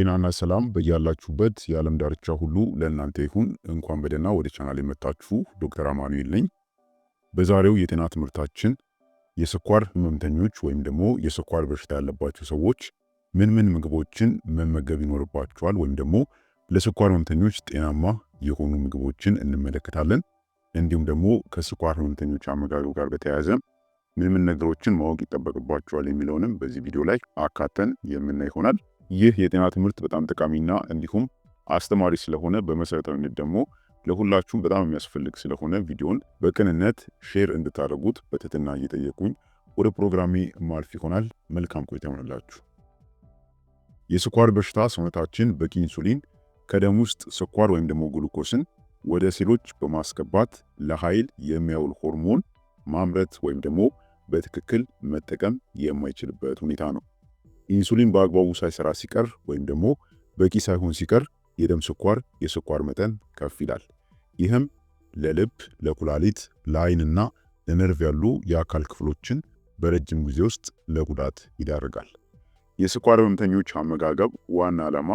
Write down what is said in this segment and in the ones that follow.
ጤናና ሰላም በያላችሁበት የዓለም ዳርቻ ሁሉ ለእናንተ ይሁን። እንኳን በደህና ወደ ቻናል የመጣችሁ ዶክተር አማኑኤል ነኝ። በዛሬው የጤና ትምህርታችን የስኳር ህመምተኞች ወይም ደግሞ የስኳር በሽታ ያለባቸው ሰዎች ምን ምን ምግቦችን መመገብ ይኖርባቸዋል ወይም ደግሞ ለስኳር ህመምተኞች ጤናማ የሆኑ ምግቦችን እንመለከታለን። እንዲሁም ደግሞ ከስኳር ህመምተኞች አመጋገብ ጋር በተያያዘ ምን ምን ነገሮችን ማወቅ ይጠበቅባቸዋል የሚለውንም በዚህ ቪዲዮ ላይ አካተን የምናይ ይሆናል። ይህ የጤና ትምህርት በጣም ጠቃሚና እንዲሁም አስተማሪ ስለሆነ በመሰረታዊነት ደግሞ ለሁላችሁም በጣም የሚያስፈልግ ስለሆነ ቪዲዮን በቅንነት ሼር እንድታደርጉት በትህትና እየጠየቁኝ ወደ ፕሮግራሜ ማልፍ ይሆናል። መልካም ቆይታ ይሆንላችሁ። የስኳር በሽታ ሰውነታችን በቂ ኢንሱሊን ከደም ውስጥ ስኳር ወይም ደግሞ ግሉኮስን ወደ ሴሎች በማስገባት ለኃይል የሚያውል ሆርሞን ማምረት ወይም ደግሞ በትክክል መጠቀም የማይችልበት ሁኔታ ነው። ኢንሱሊን በአግባቡ ሳይሰራ ሲቀር ወይም ደግሞ በቂ ሳይሆን ሲቀር የደም ስኳር የስኳር መጠን ከፍ ይላል። ይህም ለልብ፣ ለኩላሊት፣ ለአይንና ለነርቭ ያሉ የአካል ክፍሎችን በረጅም ጊዜ ውስጥ ለጉዳት ይዳርጋል። የስኳር ህመምተኞች አመጋገብ ዋና ዓላማ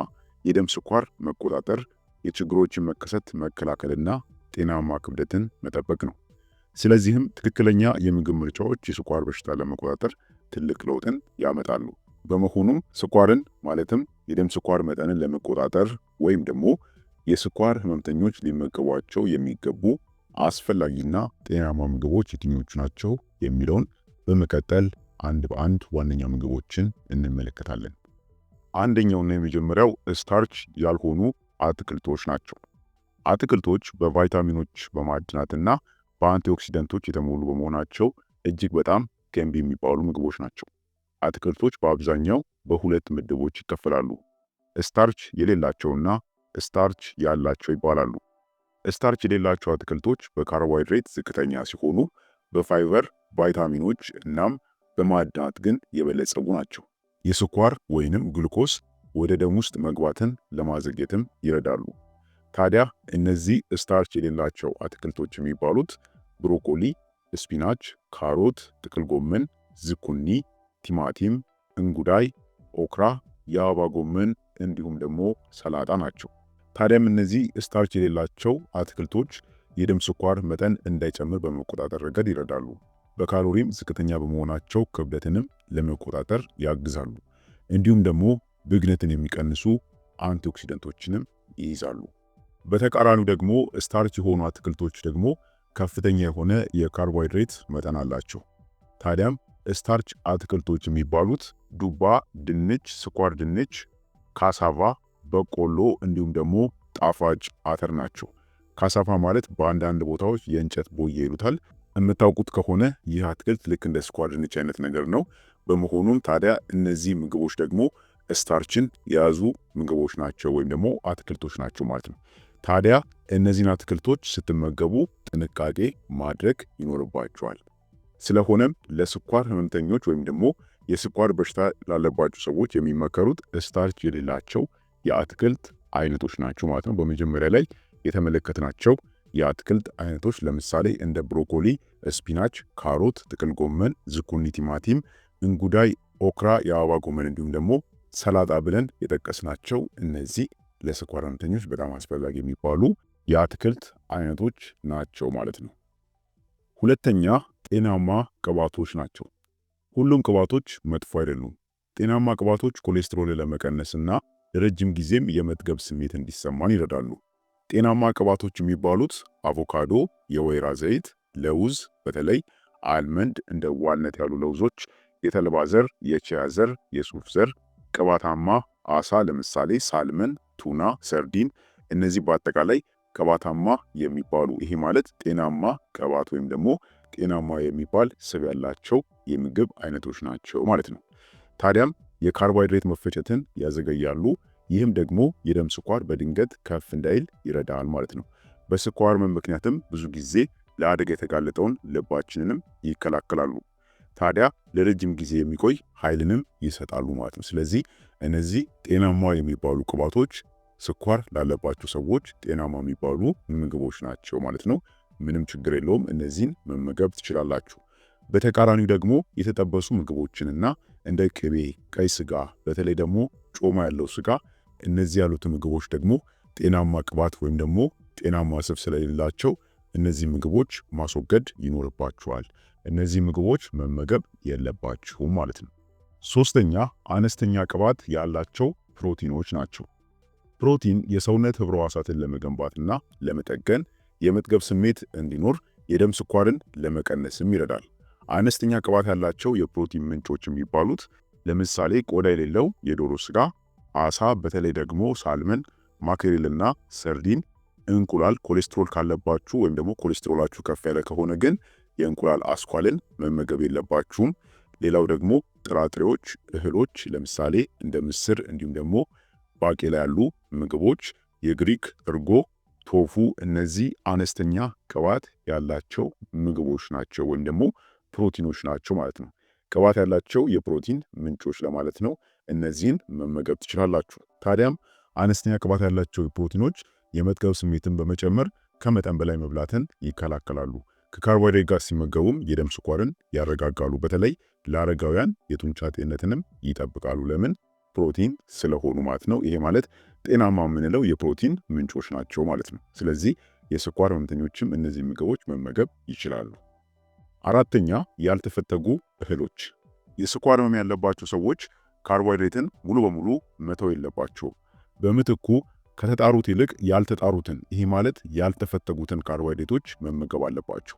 የደም ስኳር መቆጣጠር፣ የችግሮችን መከሰት መከላከልና ጤናማ ክብደትን መጠበቅ ነው። ስለዚህም ትክክለኛ የምግብ ምርጫዎች የስኳር በሽታ ለመቆጣጠር ትልቅ ለውጥን ያመጣሉ። በመሆኑም ስኳርን ማለትም የደም ስኳር መጠንን ለመቆጣጠር ወይም ደግሞ የስኳር ህመምተኞች ሊመገቧቸው የሚገቡ አስፈላጊና ጤናማ ምግቦች የትኞቹ ናቸው የሚለውን በመቀጠል አንድ በአንድ ዋነኛ ምግቦችን እንመለከታለን። አንደኛውና የመጀመሪያው ስታርች ያልሆኑ አትክልቶች ናቸው። አትክልቶች በቫይታሚኖች በማዕድናትና በአንቲኦክሲደንቶች የተሞሉ በመሆናቸው እጅግ በጣም ገንቢ የሚባሉ ምግቦች ናቸው። አትክልቶች በአብዛኛው በሁለት ምድቦች ይከፈላሉ። ስታርች የሌላቸውና ስታርች ያላቸው ይባላሉ። ስታርች የሌላቸው አትክልቶች በካርቦሃይድሬት ዝቅተኛ ሲሆኑ በፋይበር ቫይታሚኖች፣ እናም በማዕድናት ግን የበለጸጉ ናቸው። የስኳር ወይንም ግሉኮስ ወደ ደም ውስጥ መግባትን ለማዘግየትም ይረዳሉ። ታዲያ እነዚህ ስታርች የሌላቸው አትክልቶች የሚባሉት ብሮኮሊ፣ ስፒናች፣ ካሮት፣ ጥቅል ጎመን፣ ዝኩኒ ቲማቲም፣ እንጉዳይ፣ ኦክራ፣ የአበባ ጎመን እንዲሁም ደግሞ ሰላጣ ናቸው። ታዲያም እነዚህ ስታርች የሌላቸው አትክልቶች የደም ስኳር መጠን እንዳይጨምር በመቆጣጠር ረገድ ይረዳሉ። በካሎሪም ዝቅተኛ በመሆናቸው ክብደትንም ለመቆጣጠር ያግዛሉ። እንዲሁም ደግሞ ብግነትን የሚቀንሱ አንቲኦክሲደንቶችንም ይይዛሉ። በተቃራኒው ደግሞ ስታርች የሆኑ አትክልቶች ደግሞ ከፍተኛ የሆነ የካርቦሃይድሬት መጠን አላቸው። ታዲያም ስታርች አትክልቶች የሚባሉት ዱባ፣ ድንች፣ ስኳር ድንች፣ ካሳቫ፣ በቆሎ እንዲሁም ደግሞ ጣፋጭ አተር ናቸው። ካሳፋ ማለት በአንዳንድ ቦታዎች የእንጨት ቦዬ ይሉታል። የምታውቁት ከሆነ ይህ አትክልት ልክ እንደ ስኳር ድንች አይነት ነገር ነው። በመሆኑም ታዲያ እነዚህ ምግቦች ደግሞ ስታርችን የያዙ ምግቦች ናቸው ወይም ደግሞ አትክልቶች ናቸው ማለት ነው። ታዲያ እነዚህን አትክልቶች ስትመገቡ ጥንቃቄ ማድረግ ይኖርባቸዋል። ስለሆነም ለስኳር ህመምተኞች ወይም ደግሞ የስኳር በሽታ ላለባቸው ሰዎች የሚመከሩት ስታርች የሌላቸው የአትክልት አይነቶች ናቸው ማለት ነው። በመጀመሪያ ላይ የተመለከትናቸው የአትክልት አይነቶች ለምሳሌ እንደ ብሮኮሊ፣ ስፒናች፣ ካሮት፣ ጥቅል ጎመን፣ ዝኩኒ፣ ቲማቲም፣ እንጉዳይ፣ ኦክራ፣ የአበባ ጎመን እንዲሁም ደግሞ ሰላጣ ብለን የጠቀስናቸው እነዚህ ለስኳር ህመምተኞች በጣም አስፈላጊ የሚባሉ የአትክልት አይነቶች ናቸው ማለት ነው። ሁለተኛ ጤናማ ቅባቶች ናቸው። ሁሉም ቅባቶች መጥፎ አይደሉም። ጤናማ ቅባቶች ኮሌስትሮል ለመቀነስና ለረጅም ጊዜም የመጥገብ ስሜት እንዲሰማን ይረዳሉ። ጤናማ ቅባቶች የሚባሉት አቮካዶ፣ የወይራ ዘይት፣ ለውዝ በተለይ አልመንድ እንደ ዋልነት ያሉ ለውዞች፣ የተልባ ዘር፣ የቺያ ዘር፣ የሱፍ ዘር፣ ቅባታማ አሳ ለምሳሌ ሳልመን፣ ቱና፣ ሰርዲን እነዚህ በአጠቃላይ ቅባታማ የሚባሉ ይሄ ማለት ጤናማ ቅባት ወይም ደግሞ ጤናማ የሚባል ስብ ያላቸው የምግብ አይነቶች ናቸው ማለት ነው። ታዲያም የካርቦሃይድሬት መፈጨትን ያዘገያሉ። ይህም ደግሞ የደም ስኳር በድንገት ከፍ እንዳይል ይረዳል ማለት ነው። በስኳር ምክንያትም ብዙ ጊዜ ለአደጋ የተጋለጠውን ልባችንንም ይከላከላሉ። ታዲያ ለረጅም ጊዜ የሚቆይ ኃይልንም ይሰጣሉ ማለት ነው። ስለዚህ እነዚህ ጤናማ የሚባሉ ቅባቶች ስኳር ላለባቸው ሰዎች ጤናማ የሚባሉ ምግቦች ናቸው ማለት ነው። ምንም ችግር የለውም። እነዚህን መመገብ ትችላላችሁ። በተቃራኒው ደግሞ የተጠበሱ ምግቦችንና እንደ ቅቤ፣ ቀይ ስጋ፣ በተለይ ደግሞ ጮማ ያለው ስጋ እነዚህ ያሉት ምግቦች ደግሞ ጤናማ ቅባት ወይም ደግሞ ጤናማ ስብ ስለሌላቸው እነዚህ ምግቦች ማስወገድ ይኖርባችኋል። እነዚህ ምግቦች መመገብ የለባችሁም ማለት ነው። ሶስተኛ አነስተኛ ቅባት ያላቸው ፕሮቲኖች ናቸው። ፕሮቲን የሰውነት ህብረ ሕዋሳትን ለመገንባትና ለመጠገን፣ የመጥገብ ስሜት እንዲኖር፣ የደም ስኳርን ለመቀነስም ይረዳል። አነስተኛ ቅባት ያላቸው የፕሮቲን ምንጮች የሚባሉት ለምሳሌ ቆዳ የሌለው የዶሮ ስጋ፣ አሳ፣ በተለይ ደግሞ ሳልመን፣ ማክሪልና ሰርዲን፣ እንቁላል ኮሌስትሮል ካለባችሁ ወይም ደግሞ ኮሌስትሮላችሁ ከፍ ያለ ከሆነ ግን የእንቁላል አስኳልን መመገብ የለባችሁም። ሌላው ደግሞ ጥራጥሬዎች፣ እህሎች ለምሳሌ እንደ ምስር እንዲሁም ደግሞ ባቄላ ያሉ ምግቦች የግሪክ እርጎ፣ ቶፉ እነዚህ አነስተኛ ቅባት ያላቸው ምግቦች ናቸው ወይም ደግሞ ፕሮቲኖች ናቸው ማለት ነው። ቅባት ያላቸው የፕሮቲን ምንጮች ለማለት ነው። እነዚህን መመገብ ትችላላችሁ። ታዲያም አነስተኛ ቅባት ያላቸው ፕሮቲኖች የመጥገብ ስሜትን በመጨመር ከመጠን በላይ መብላትን ይከላከላሉ። ከካርቦሃይድሬት ጋር ሲመገቡም የደም ስኳርን ያረጋጋሉ። በተለይ ለአረጋውያን የጡንቻ ጤንነትንም ይጠብቃሉ። ለምን ፕሮቲን ስለሆኑ ማለት ነው። ይሄ ማለት ጤናማ የምንለው የፕሮቲን ምንጮች ናቸው ማለት ነው። ስለዚህ የስኳር ህመምተኞችም እነዚህ ምግቦች መመገብ ይችላሉ። አራተኛ ያልተፈተጉ እህሎች። የስኳር ህመም ያለባቸው ሰዎች ካርቦሃይድሬትን ሙሉ በሙሉ መተው የለባቸውም። በምትኩ ከተጣሩት ይልቅ ያልተጣሩትን ይሄ ማለት ያልተፈተጉትን ካርቦሃይድሬቶች መመገብ አለባቸው።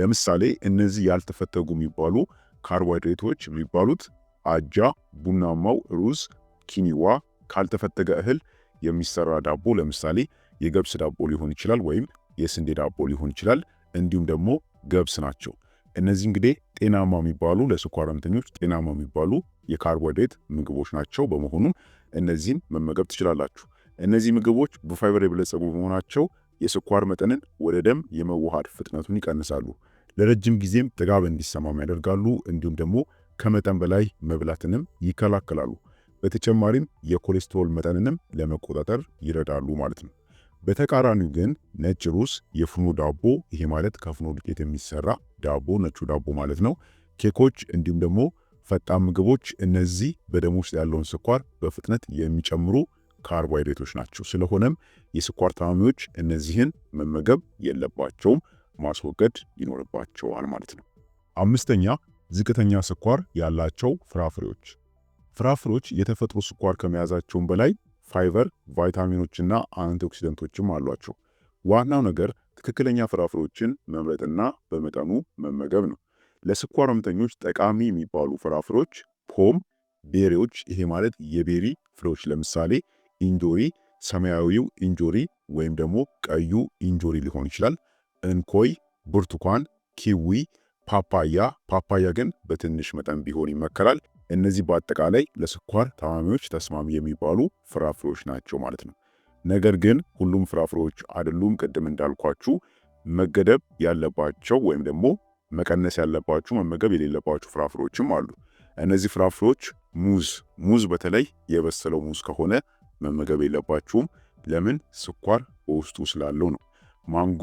ለምሳሌ እነዚህ ያልተፈተጉ የሚባሉ ካርቦሃይድሬቶች የሚባሉት አጃ፣ ቡናማው ሩዝ፣ ኪኒዋ፣ ካልተፈተገ እህል የሚሰራ ዳቦ ለምሳሌ የገብስ ዳቦ ሊሆን ይችላል፣ ወይም የስንዴ ዳቦ ሊሆን ይችላል። እንዲሁም ደግሞ ገብስ ናቸው። እነዚህ እንግዲህ ጤናማ የሚባሉ ለስኳር ህመምተኞች ጤናማ የሚባሉ የካርቦሃይድሬት ምግቦች ናቸው። በመሆኑም እነዚህን መመገብ ትችላላችሁ። እነዚህ ምግቦች በፋይበር የበለጸጉ በመሆናቸው የስኳር መጠንን ወደ ደም የመዋሃድ ፍጥነቱን ይቀንሳሉ። ለረጅም ጊዜም ጥጋብ እንዲሰማም ያደርጋሉ። እንዲሁም ደግሞ ከመጠን በላይ መብላትንም ይከላከላሉ። በተጨማሪም የኮሌስትሮል መጠንንም ለመቆጣጠር ይረዳሉ ማለት ነው። በተቃራኒው ግን ነጭ ሩዝ፣ የፍኖ ዳቦ ይሄ ማለት ከፍኖ ዱቄት የሚሰራ ዳቦ ነጩ ዳቦ ማለት ነው፣ ኬኮች፣ እንዲሁም ደግሞ ፈጣን ምግቦች እነዚህ በደም ውስጥ ያለውን ስኳር በፍጥነት የሚጨምሩ ካርቦሃይድሬቶች ናቸው። ስለሆነም የስኳር ታማሚዎች እነዚህን መመገብ የለባቸውም፣ ማስወገድ ይኖርባቸዋል ማለት ነው። አምስተኛ ዝቅተኛ ስኳር ያላቸው ፍራፍሬዎች። ፍራፍሬዎች የተፈጥሮ ስኳር ከመያዛቸውም በላይ ፋይበር፣ ቫይታሚኖችና አንቲኦክሲደንቶችም አሏቸው። ዋናው ነገር ትክክለኛ ፍራፍሬዎችን መምረጥና በመጠኑ መመገብ ነው። ለስኳር ህመምተኞች ጠቃሚ የሚባሉ ፍራፍሬዎች ፖም፣ ቤሪዎች፣ ይሄ ማለት የቤሪ ፍሬዎች ለምሳሌ እንጆሪ፣ ሰማያዊው እንጆሪ ወይም ደግሞ ቀዩ እንጆሪ ሊሆን ይችላል፣ እንኮይ፣ ብርቱካን፣ ኪዊ፣ ፓፓያ ፓፓያ ግን በትንሽ መጠን ቢሆን ይመከራል። እነዚህ በአጠቃላይ ለስኳር ታማሚዎች ተስማሚ የሚባሉ ፍራፍሬዎች ናቸው ማለት ነው። ነገር ግን ሁሉም ፍራፍሬዎች አይደሉም። ቅድም እንዳልኳችሁ መገደብ ያለባቸው ወይም ደግሞ መቀነስ ያለባችሁ መመገብ የሌለባችሁ ፍራፍሬዎችም አሉ። እነዚህ ፍራፍሬዎች ሙዝ ሙዝ በተለይ የበሰለው ሙዝ ከሆነ መመገብ የለባችሁም። ለምን? ስኳር በውስጡ ስላለው ነው። ማንጎ፣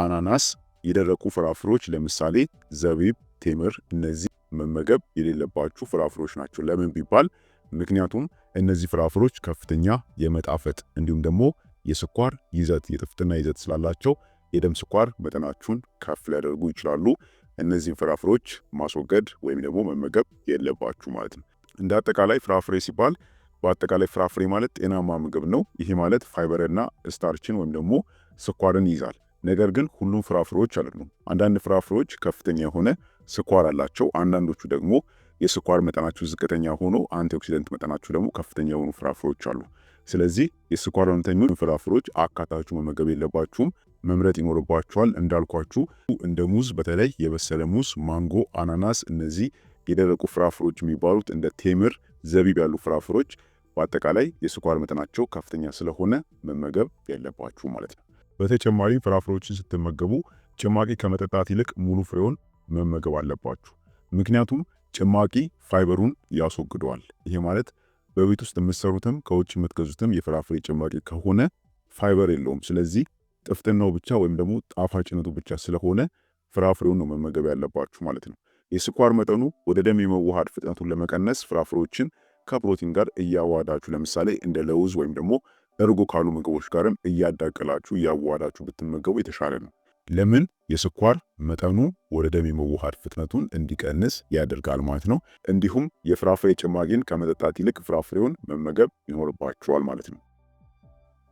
አናናስ የደረቁ ፍራፍሬዎች ለምሳሌ ዘቢብ፣ ቴምር እነዚህ መመገብ የሌለባችሁ ፍራፍሬዎች ናቸው። ለምን ቢባል ምክንያቱም እነዚህ ፍራፍሬዎች ከፍተኛ የመጣፈጥ እንዲሁም ደግሞ የስኳር ይዘት የጥፍጥና ይዘት ስላላቸው የደም ስኳር መጠናችሁን ከፍ ሊያደርጉ ይችላሉ። እነዚህን ፍራፍሬዎች ማስወገድ ወይም ደግሞ መመገብ የለባችሁ ማለት ነው። እንደ አጠቃላይ ፍራፍሬ ሲባል በአጠቃላይ ፍራፍሬ ማለት ጤናማ ምግብ ነው። ይሄ ማለት ፋይበርና ስታርችን ወይም ደግሞ ስኳርን ይይዛል። ነገር ግን ሁሉም ፍራፍሬዎች አይደሉም። አንዳንድ ፍራፍሬዎች ከፍተኛ የሆነ ስኳር አላቸው። አንዳንዶቹ ደግሞ የስኳር መጠናቸው ዝቅተኛ ሆኖ አንቲኦክሲደንት መጠናቸው ደግሞ ከፍተኛ የሆኑ ፍራፍሬዎች አሉ። ስለዚህ የስኳር ህመምተኞች ፍራፍሬዎች አካታችሁ መመገብ የለባችሁም፣ መምረጥ ይኖርባችኋል። እንዳልኳችሁ እንደ ሙዝ፣ በተለይ የበሰለ ሙዝ፣ ማንጎ፣ አናናስ፣ እነዚህ የደረቁ ፍራፍሬዎች የሚባሉት እንደ ቴምር፣ ዘቢብ ያሉ ፍራፍሬዎች በአጠቃላይ የስኳር መጠናቸው ከፍተኛ ስለሆነ መመገብ የለባችሁ ማለት ነው። በተጨማሪ ፍራፍሬዎችን ስትመገቡ ጭማቂ ከመጠጣት ይልቅ ሙሉ ፍሬውን መመገብ አለባችሁ። ምክንያቱም ጭማቂ ፋይበሩን ያስወግደዋል። ይሄ ማለት በቤት ውስጥ የምትሰሩትም ከውጭ የምትገዙትም የፍራፍሬ ጭማቂ ከሆነ ፋይበር የለውም። ስለዚህ ጥፍጥናው ብቻ ወይም ደግሞ ጣፋጭነቱ ብቻ ስለሆነ ፍራፍሬውን ነው መመገብ ያለባችሁ ማለት ነው። የስኳር መጠኑ ወደ ደም የመዋሃድ ፍጥነቱን ለመቀነስ ፍራፍሬዎችን ከፕሮቲን ጋር እያዋሃዳችሁ ለምሳሌ እንደ ለውዝ ወይም ደግሞ እርጎ ካሉ ምግቦች ጋርም እያዳቀላችሁ እያዋሃዳችሁ ብትመገቡ የተሻለ ነው። ለምን የስኳር መጠኑ ወደ ደም የመዋሃድ ፍጥነቱን እንዲቀንስ ያደርጋል ማለት ነው። እንዲሁም የፍራፍሬ ጭማቂን ከመጠጣት ይልቅ ፍራፍሬውን መመገብ ይኖርባቸዋል ማለት ነው።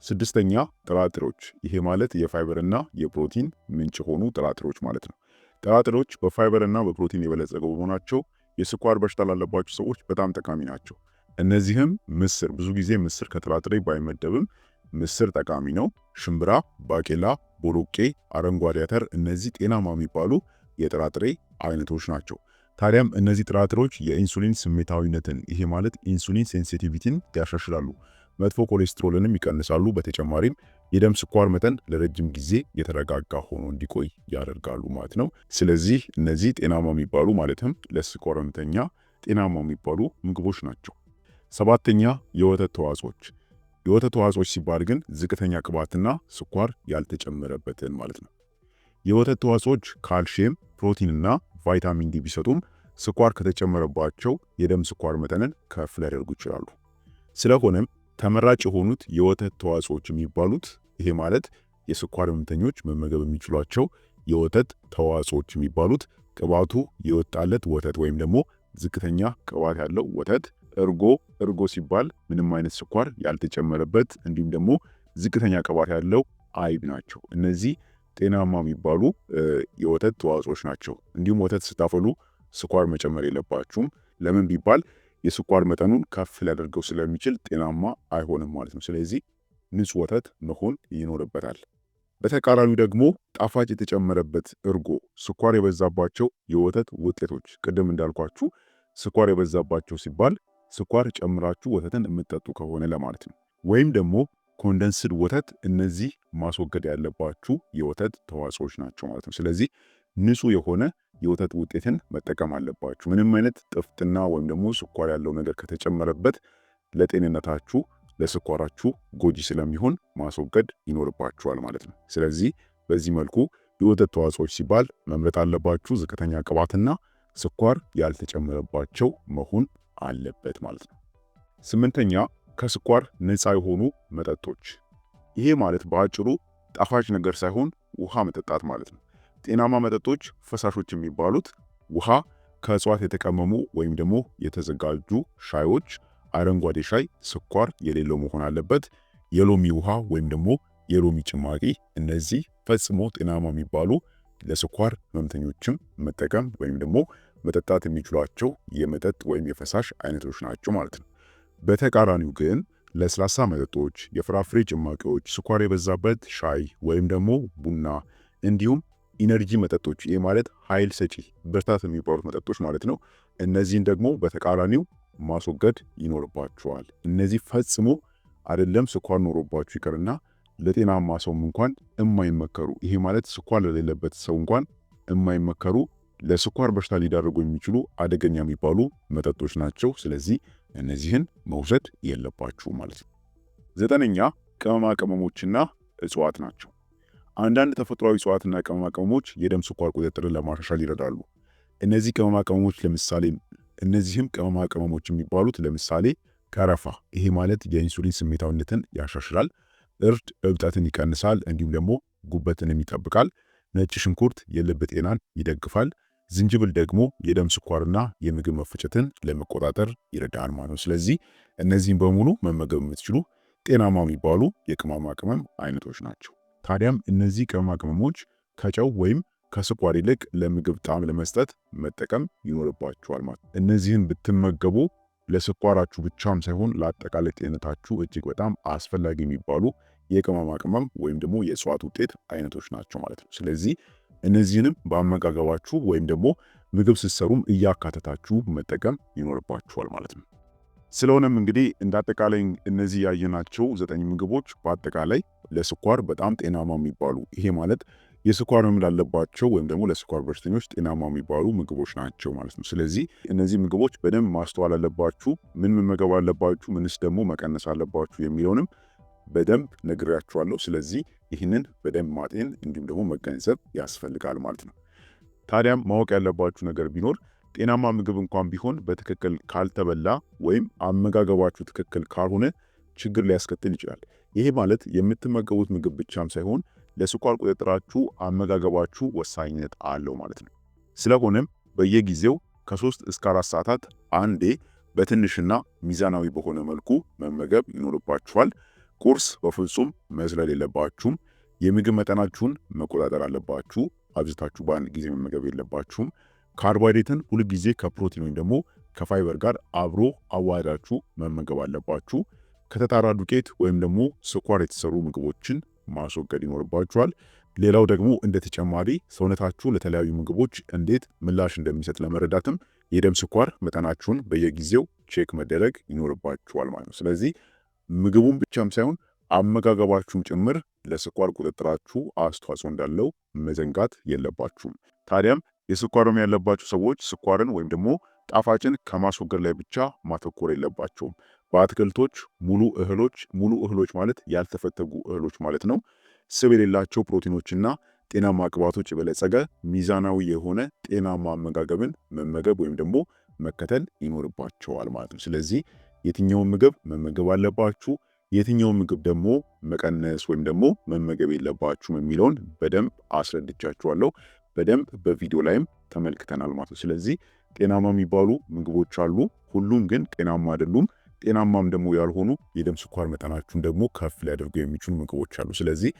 ስድስተኛ ጥራጥሮች፣ ይሄ ማለት የፋይበርና የፕሮቲን ምንጭ የሆኑ ጥራጥሮች ማለት ነው። ጥራጥሮች በፋይበርና በፕሮቲን የበለጸገ በመሆናቸው የስኳር በሽታ ላለባቸው ሰዎች በጣም ጠቃሚ ናቸው። እነዚህም ምስር፣ ብዙ ጊዜ ምስር ከጥራጥሬ ባይመደብም ምስር ጠቃሚ ነው። ሽምብራ፣ ባቄላ፣ ቦሎቄ፣ አረንጓዴ አተር፣ እነዚህ ጤናማ የሚባሉ የጥራጥሬ አይነቶች ናቸው። ታዲያም እነዚህ ጥራጥሬዎች የኢንሱሊን ስሜታዊነትን ይሄ ማለት ኢንሱሊን ሴንሲቲቪቲን ያሻሽላሉ፣ መጥፎ ኮሌስትሮልንም ይቀንሳሉ። በተጨማሪም የደም ስኳር መጠን ለረጅም ጊዜ የተረጋጋ ሆኖ እንዲቆይ ያደርጋሉ ማለት ነው። ስለዚህ እነዚህ ጤናማ የሚባሉ ማለትም ለስኳር ህመምተኛ ጤናማ የሚባሉ ምግቦች ናቸው። ሰባተኛ የወተት ተዋጽኦች። የወተት ተዋጽኦች ሲባል ግን ዝቅተኛ ቅባትና ስኳር ያልተጨመረበትን ማለት ነው። የወተት ተዋጽኦች ካልሽየም፣ ፕሮቲንና ቫይታሚን ዲ ቢሰጡም ስኳር ከተጨመረባቸው የደም ስኳር መጠንን ከፍ ሊያደርጉ ይችላሉ። ስለሆነም ተመራጭ የሆኑት የወተት ተዋጽኦች የሚባሉት ይሄ ማለት የስኳር ህመምተኞች መመገብ የሚችሏቸው የወተት ተዋጽኦች የሚባሉት ቅባቱ የወጣለት ወተት ወይም ደግሞ ዝቅተኛ ቅባት ያለው ወተት እርጎ እርጎ ሲባል ምንም አይነት ስኳር ያልተጨመረበት እንዲሁም ደግሞ ዝቅተኛ ቅባት ያለው አይብ ናቸው። እነዚህ ጤናማ የሚባሉ የወተት ተዋጽኦች ናቸው። እንዲሁም ወተት ስታፈሉ ስኳር መጨመር የለባችሁም። ለምን ቢባል የስኳር መጠኑን ከፍ ሊያደርገው ስለሚችል ጤናማ አይሆንም ማለት ነው። ስለዚህ ንጹህ ወተት መሆን ይኖርበታል። በተቃራኒው ደግሞ ጣፋጭ የተጨመረበት እርጎ፣ ስኳር የበዛባቸው የወተት ውጤቶች ቅድም እንዳልኳችሁ ስኳር የበዛባቸው ሲባል ስኳር ጨምራችሁ ወተትን የምትጠጡ ከሆነ ለማለት ነው። ወይም ደግሞ ኮንደንስድ ወተት፣ እነዚህ ማስወገድ ያለባችሁ የወተት ተዋጽኦች ናቸው ማለት ነው። ስለዚህ ንጹህ የሆነ የወተት ውጤትን መጠቀም አለባችሁ። ምንም አይነት ጥፍጥና ወይም ደግሞ ስኳር ያለው ነገር ከተጨመረበት ለጤንነታችሁ ለስኳራችሁ ጎጂ ስለሚሆን ማስወገድ ይኖርባችኋል ማለት ነው። ስለዚህ በዚህ መልኩ የወተት ተዋጽኦች ሲባል መምረጥ አለባችሁ ዝቅተኛ ቅባትና ስኳር ያልተጨመረባቸው መሆን አለበት ማለት ነው። ስምንተኛ ከስኳር ነፃ የሆኑ መጠጦች። ይሄ ማለት በአጭሩ ጣፋጭ ነገር ሳይሆን ውሃ መጠጣት ማለት ነው። ጤናማ መጠጦች ፈሳሾች የሚባሉት ውሃ፣ ከእጽዋት የተቀመሙ ወይም ደግሞ የተዘጋጁ ሻዮች፣ አረንጓዴ ሻይ ስኳር የሌለው መሆን አለበት። የሎሚ ውሃ ወይም ደግሞ የሎሚ ጭማቂ፣ እነዚህ ፈጽሞ ጤናማ የሚባሉ ለስኳር ህመምተኞችም መጠቀም ወይም ደግሞ መጠጣት የሚችሏቸው የመጠጥ ወይም የፈሳሽ አይነቶች ናቸው ማለት ነው። በተቃራኒው ግን ለስላሳ መጠጦች፣ የፍራፍሬ ጭማቂዎች፣ ስኳር የበዛበት ሻይ ወይም ደግሞ ቡና እንዲሁም ኢነርጂ መጠጦች ይህ ማለት ኃይል ሰጪ ብርታት የሚባሉት መጠጦች ማለት ነው። እነዚህን ደግሞ በተቃራኒው ማስወገድ ይኖርባቸዋል። እነዚህ ፈጽሞ አይደለም ስኳር ኖሮባችሁ ይቅርና ለጤናማ ሰውም እንኳን የማይመከሩ ይሄ ማለት ስኳር ለሌለበት ሰው እንኳን የማይመከሩ ለስኳር በሽታ ሊዳርጉ የሚችሉ አደገኛ የሚባሉ መጠጦች ናቸው። ስለዚህ እነዚህን መውሰድ የለባችሁ ማለት ነው። ዘጠነኛ ቅመማ ቅመሞችና እጽዋት ናቸው። አንዳንድ ተፈጥሯዊ እጽዋትና ቅመማ ቅመሞች የደም ስኳር ቁጥጥርን ለማሻሻል ይረዳሉ። እነዚህ ቅመማ ቅመሞች ለምሳሌ እነዚህም ቅመማ ቅመሞች የሚባሉት ለምሳሌ ቀረፋ፣ ይሄ ማለት የኢንሱሊን ስሜታዊነትን ያሻሽላል፣ እርድ እብጠትን ይቀንሳል፣ እንዲሁም ደግሞ ጉበትንም ይጠብቃል። ነጭ ሽንኩርት የልብ ጤናን ይደግፋል። ዝንጅብል ደግሞ የደም ስኳርና የምግብ መፈጨትን ለመቆጣጠር ይረዳል ማለት ነው። ስለዚህ እነዚህን በሙሉ መመገብ የምትችሉ ጤናማ የሚባሉ የቅመማ ቅመም አይነቶች ናቸው። ታዲያም እነዚህ ቅመማ ቅመሞች ከጨው ወይም ከስኳር ይልቅ ለምግብ ጣዕም ለመስጠት መጠቀም ይኖርባችኋል ማለት ነው። እነዚህን ብትመገቡ ለስኳራችሁ ብቻም ሳይሆን ለአጠቃላይ ጤንነታችሁ እጅግ በጣም አስፈላጊ የሚባሉ የቅመማ ቅመም ወይም ደግሞ የእጽዋት ውጤት አይነቶች ናቸው ማለት ነው። ስለዚህ እነዚህንም በአመጋገባችሁ ወይም ደግሞ ምግብ ስትሰሩም እያካተታችሁ መጠቀም ይኖርባችኋል ማለት ነው። ስለሆነም እንግዲህ እንዳጠቃላይ እነዚህ ያየናቸው ዘጠኝ ምግቦች በአጠቃላይ ለስኳር በጣም ጤናማ የሚባሉ ይሄ ማለት የስኳር ህመም ላለባቸው ወይም ደግሞ ለስኳር በሽተኞች ጤናማ የሚባሉ ምግቦች ናቸው ማለት ነው። ስለዚህ እነዚህ ምግቦች በደንብ ማስተዋል አለባችሁ። ምን መመገብ አለባችሁ፣ ምንስ ደግሞ መቀነስ አለባችሁ የሚለውንም በደንብ ነግሬያችኋለሁ። ስለዚህ ይህንን በደንብ ማጤን እንዲሁም ደግሞ መገንዘብ ያስፈልጋል ማለት ነው። ታዲያም ማወቅ ያለባችሁ ነገር ቢኖር ጤናማ ምግብ እንኳን ቢሆን በትክክል ካልተበላ ወይም አመጋገባችሁ ትክክል ካልሆነ ችግር ሊያስከትል ይችላል። ይሄ ማለት የምትመገቡት ምግብ ብቻም ሳይሆን ለስኳር ቁጥጥራችሁ አመጋገባችሁ ወሳኝነት አለው ማለት ነው። ስለሆነም በየጊዜው ከሶስት እስከ አራት ሰዓታት አንዴ በትንሽና ሚዛናዊ በሆነ መልኩ መመገብ ይኖርባችኋል። ቁርስ በፍጹም መዝለል የለባችሁም። የምግብ መጠናችሁን መቆጣጠር አለባችሁ። አብዝታችሁ በአንድ ጊዜ መመገብ የለባችሁም። ካርቦሃይድሬትን ሁልጊዜ ከፕሮቲን ወይም ደግሞ ከፋይበር ጋር አብሮ አዋህዳችሁ መመገብ አለባችሁ። ከተጣራ ዱቄት ወይም ደግሞ ስኳር የተሰሩ ምግቦችን ማስወገድ ይኖርባችኋል። ሌላው ደግሞ እንደ ተጨማሪ ሰውነታችሁ ለተለያዩ ምግቦች እንዴት ምላሽ እንደሚሰጥ ለመረዳትም የደም ስኳር መጠናችሁን በየጊዜው ቼክ መደረግ ይኖርባችኋል ማለት ነው። ስለዚህ ምግቡን ብቻም ሳይሆን አመጋገባችሁም ጭምር ለስኳር ቁጥጥራችሁ አስተዋጽኦ እንዳለው መዘንጋት የለባችሁም። ታዲያም የስኳር ያለባቸው ሰዎች ስኳርን ወይም ደግሞ ጣፋጭን ከማስወገድ ላይ ብቻ ማተኮር የለባቸውም። በአትክልቶች፣ ሙሉ እህሎች፣ ሙሉ እህሎች ማለት ያልተፈተጉ እህሎች ማለት ነው። ስብ የሌላቸው ፕሮቲኖችና ጤናማ ቅባቶች የበለጸገ ሚዛናዊ የሆነ ጤናማ አመጋገብን መመገብ ወይም ደግሞ መከተል ይኖርባቸዋል ማለት ነው። ስለዚህ የትኛውን ምግብ መመገብ አለባችሁ፣ የትኛውን ምግብ ደግሞ መቀነስ ወይም ደግሞ መመገብ የለባችሁም የሚለውን በደንብ አስረድቻችኋለሁ። በደንብ በቪዲዮ ላይም ተመልክተናል ማለት ነው። ስለዚህ ጤናማ የሚባሉ ምግቦች አሉ። ሁሉም ግን ጤናማ አይደሉም። ጤናማም ደግሞ ያልሆኑ የደም ስኳር መጠናችሁን ደግሞ ከፍ ሊያደርጉ የሚችሉ ምግቦች አሉ። ስለዚህ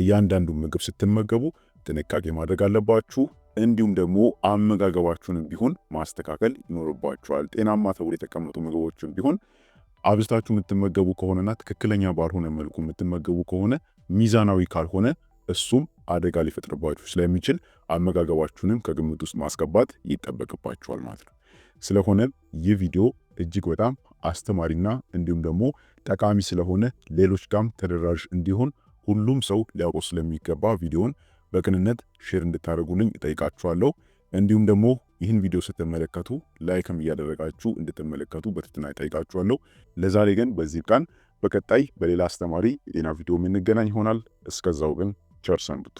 እያንዳንዱ ምግብ ስትመገቡ ጥንቃቄ ማድረግ አለባችሁ። እንዲሁም ደግሞ አመጋገባችሁንም ቢሆን ማስተካከል ይኖርባችኋል። ጤናማ ተብሎ የተቀመጡ ምግቦችን ቢሆን አብዝታችሁ የምትመገቡ ከሆነና ትክክለኛ ባልሆነ መልኩ የምትመገቡ ከሆነ ሚዛናዊ ካልሆነ እሱም አደጋ ሊፈጥርባችሁ ስለሚችል አመጋገባችሁንም ከግምት ውስጥ ማስገባት ይጠበቅባችኋል ማለት ነው። ስለሆነ ይህ ቪዲዮ እጅግ በጣም አስተማሪና እንዲሁም ደግሞ ጠቃሚ ስለሆነ ሌሎች ጋም ተደራሽ እንዲሆን ሁሉም ሰው ሊያውቀው ስለሚገባ ቪዲዮን በቅንነት ሼር እንድታደርጉልኝ እጠይቃችኋለሁ። እንዲሁም ደግሞ ይህን ቪዲዮ ስትመለከቱ ላይክም እያደረጋችሁ እንድትመለከቱ በትህትና እጠይቃችኋለሁ። ለዛሬ ግን በዚህ ቀን በቀጣይ በሌላ አስተማሪ የጤና ቪዲዮ የምንገናኝ ይሆናል። እስከዛው ግን ቸር ሰንብቱ።